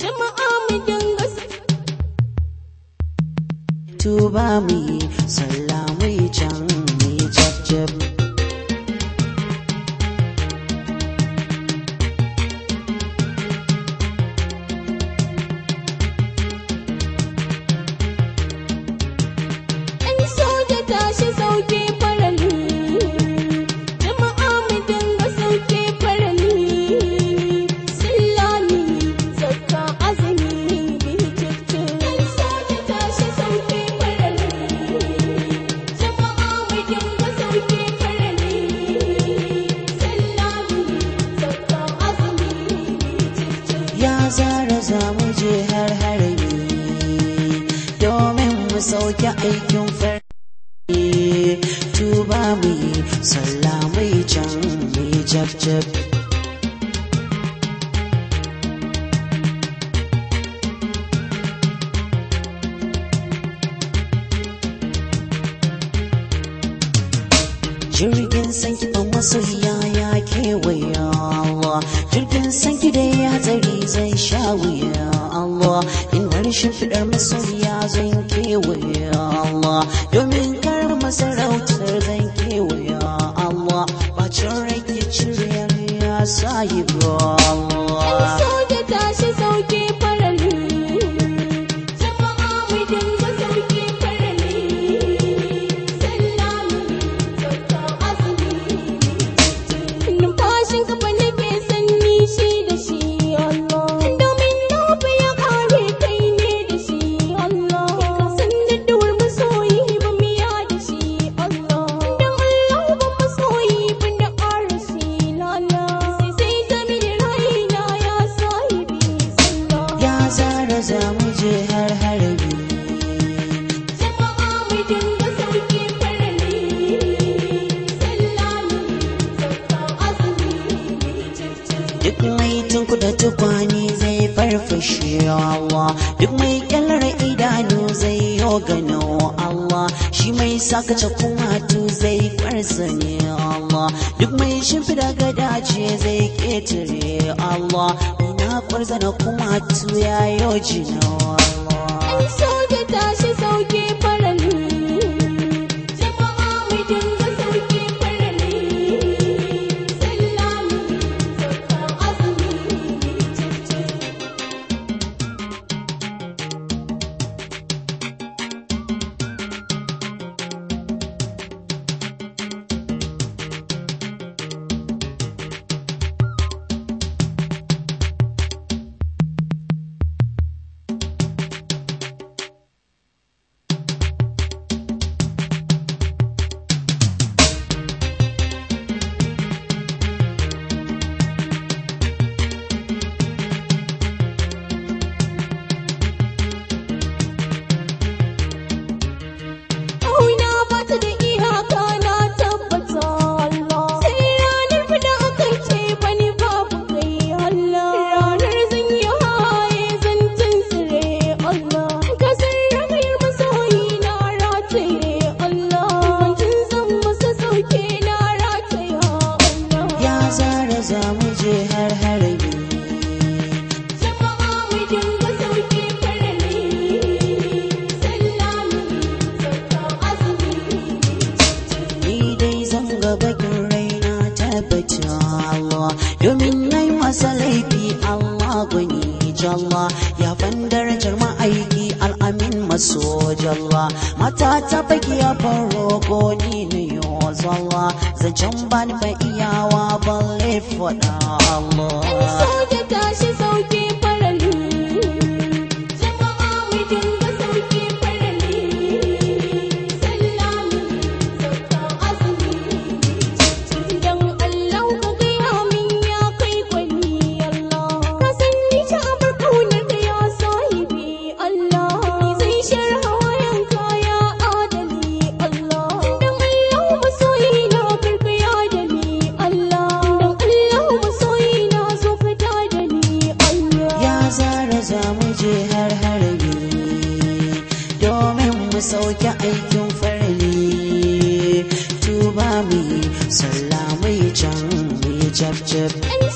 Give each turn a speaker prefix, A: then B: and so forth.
A: jama'a mu dinga
B: tuba mu yi sallah mu yi can sauke aikin fari tuba mai sallah mai can mai jab-jab jirgin sanki ban masoyiya ya kewaya jirgin sanki dai hatsari zai sha wuya Allah in harshen fidar masoya zan kewaye Allah domin kar masarautar zan kewaye Allah bacin ke cire ya sa yi Allah ku da tukwane zai farfashe Allah duk mai kyallar idanu zai yo gano Allah shi mai sakace tu zai farsane Allah duk mai shimfida ce zai ketare Allah ina kuma
A: tu ya yo jino Allah ai sauke tashi sauke faralin
B: tabbacin Allah domin nai masa laifi Allah gwani jalla ya fan darajar ma'aiki al'amin maso jalla mata ta baki ya faro goni ne zalla zancen ba ba iyawa balle faɗa Allah. Sauke
A: tashi sauke
B: muje har harbi domin mu sauke aikin farli tuba mu yi mu yi can
A: mu yi jab